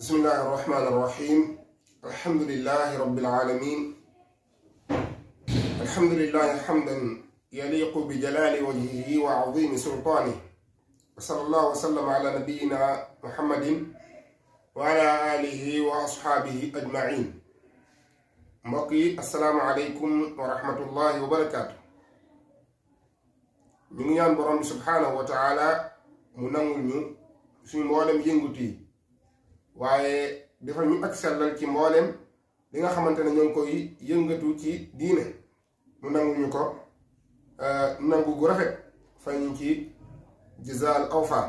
بسم الله الرحمن الرحيم الحمد لله رب العالمين الحمد لله حمدا يليق بجلال وجهه وعظيم سلطانه وصلى الله وسلم على نبينا محمد وعلى آله وأصحابه أجمعين مقي السلام عليكم ورحمة الله وبركاته من يان ñaan سبحانه وتعالى wa ta'ala mu nangul waaye defal ñu ak sellal ci mbooleem li nga xamante ne ñoo ngi koy yëngatu ci diine mu nanguñu ko euh, nangu gu rafet fa ñu ci jizaal awfaan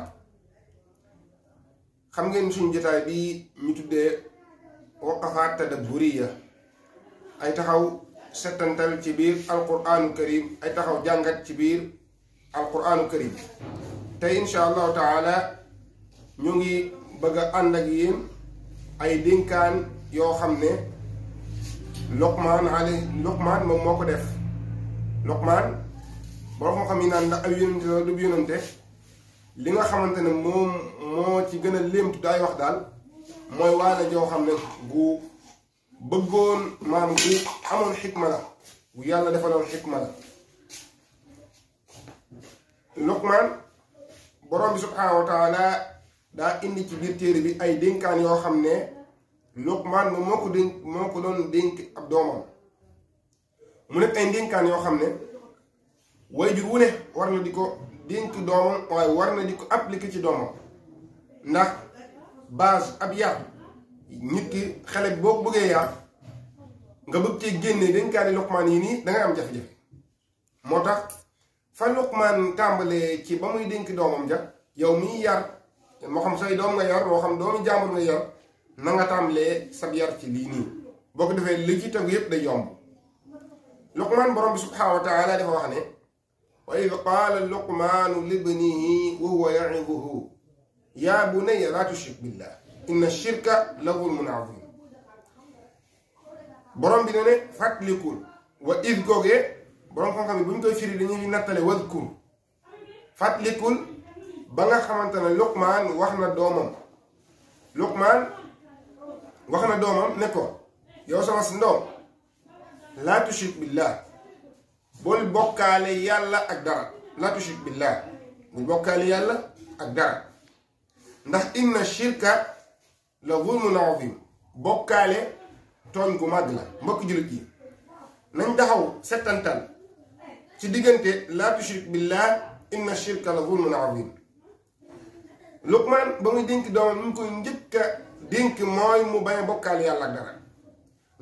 xam ngeen suñ jotaay bi ñu tuddee waqafaat tadabburiya ay taxaw setantal ci biir alquraanu karim ay taxaw jàngat ci biir alquraanu karim tey incha allahu taala ñu ngi bëgg a ànd ak yéen ay dénkaan yoo xam ne Luqmaan ale Luqmaan moom moo ko def Luqmaan boo moo xam yi naan ndax ab yónante la du yónante li nga xamante ne moom moo ci gën a léemtu daay wax daal mooy waana joo xam ne bu bëggoon maam bu amoon xikma la bu yàlla defaloon xikma la Luqmaan borom bi subhaanahu wa daa indi ci biir téere bi ay dénkaan yoo xam ne Luqmaan moom moo ko dénk moo ko doon dénk ab doomam mu nekk ay dénkaan yoo xam ne waajur wu ne war na di ko dénk doomam waaye war na di ko appliquer ci doomam ndax base ab yar nit ki xale boo ko bëggee yar nga bëgg cee génne dénkaani Luqmaan yi nii danga am jafe-jafe moo tax fa Luqmaan tàmbalee ci ba muy dénk doomam ja yow miy yar mo xam say doom nga yor mo xam doomi jàmbur nga yor na nga tamlé sa yar ci li ni boko defé li ci tagu yëpp day yomb luqman borom subhanahu wa taala dafa wax ne wa qala luqman li ibnihi wa huwa ya'ibuhu ya bunayya la tushrik billah inna ash shirka la zulmun azim borom bi ne fatlikul wa idh goge borom xam-xam buñ koy firi dañuy natalé wadkum fatlikul باغا خامتاني لقمان واخنا دومم لقمان واخنا دومم نيكو يو سما سندوم لا تشرك بالله بول بوكالي يالا اك دار لا تشرك بالله بول بوكالي يالا اك دار نده ان الشرك لظلم عظيم بوكالي تون كو ماغلا مبوك جولتي نان داخو سيتانتال سي ديغنتي لا تشرك بالله ان الشرك لظلم عظيم Luqmaan ba muy dénk doomam nu mu koy njëkk dénk mooy mu bañ a yàlla dara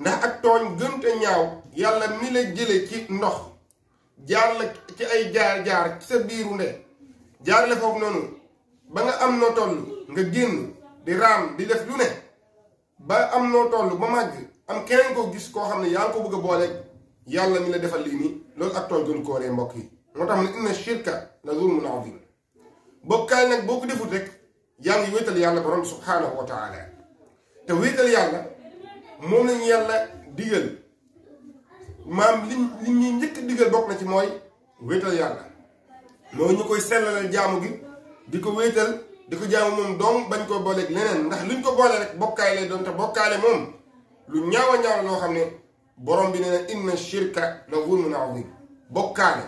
ndax ak tooñ gënte ñaaw yàlla mi la jële ci ndox jaar la ci ay jaar jaar ci sa biiru nde jaar la foofu noonu ba nga am noo toll nga génn di raam di def lu ne ba am noo toll ba màgg am keneen koo gis koo xam ne yaa ngi ko bëgg a boole yàlla mi la defal lii nii loolu ak tooñ gën koo mbokk yi moo tax mu ne inna shirka la zulmun azim bokkaale nag boo ko defut rek yaa ngi yàlla borom subhaanahu wa taala te wéetal yàlla moom lañu yàlla digal maam li li njëkk digal bokk na ci mooy wéetal yàlla loolu ñu koy sellalal jaamu gi di ko wéetal di ko jaamu moom doom bañ koo booleeg leneen ndax luñ ko boole rek bokkaay lay doon te bokkaale moom lu ñaawa ñaaw loo xam ne boroom bi nee na inna shirka la zulmun azim bokkaale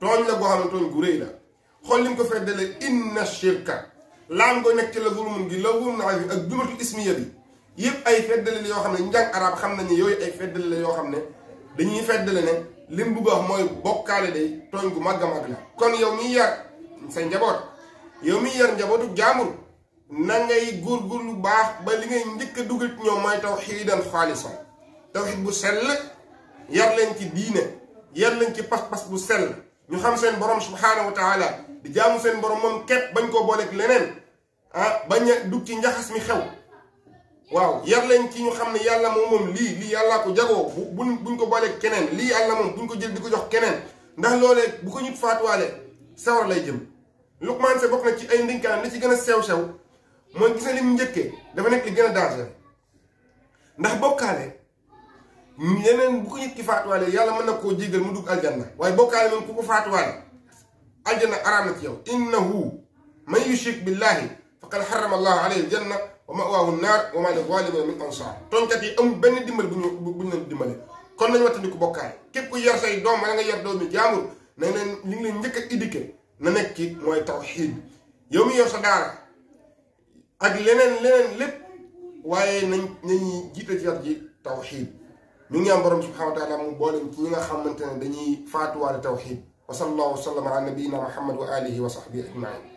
tooñ la boo xam ne tooñ gu réy la خليهم كفر دل إن الشركة لان قوي نك تلا قول من قل قول نعرف أقدم لك اسمي يبي يب أي فرد دل اللي يخمن إن جان أراب خمن إن يوي أي فرد دل اللي يخمن دنيا فرد دل إن لين بوجا هم بوك على دي تون جو مات جمعنا كون يومي يا سن جبر يومي يا جبر تو جامر نعاي غور غور باخ بلين إن جك دوقت نيوم أي توحيد أن خالصا توحيد بسل يبلن كدينه يبلن كباس باس بسل نخمسين برام سبحانه وتعالى di jaamu seen borom moom képp bañ koo booleek leneen ah bañ a dugg ci njaxas mi xew waaw yar leen ci ñu xam ne yàlla moom moom lii lii yàllaa ko jagoo bu buñ buñ ko booleeg keneen lii yàlla moom buñ ko jël di ko jox keneen ndax loolee bu ko ñut faatuwaale sawar lay jëm Luqmaan Se bokk na ci ay ndénkaan li ci gën a sew sew mooy gis na li mu njëkkee dafa nekk li gën a danger ndax bokkaale leneen bu ko ñut ki faatuwaale yàlla mën na koo jégal mu dugg aljanna waaye bokkaale moom ku ko faatuwaale الجنة حرامت يوم إنه من يشرك بالله فقد حرم الله عليه الجنة ومأواه النار وما للظالمين من أنصار تونكتي أم بني ديمال بني ديمال كون نيو تاندي كو بوكاي كيب كو يار ساي دوم ماغا يار دومي جامور نين لين لي نيك ايديك نانيكي موي توحيد يوم يوسا دار اك لينن لينن ليب واي نان ني جيتا جات جي توحيد ميغي ام بروم سبحانه وتعالى مو بولين كيغا خامتاني دانيي فاتوا التوحيد وصلى الله وسلم على نبينا محمد وآله وصحبه أجمعين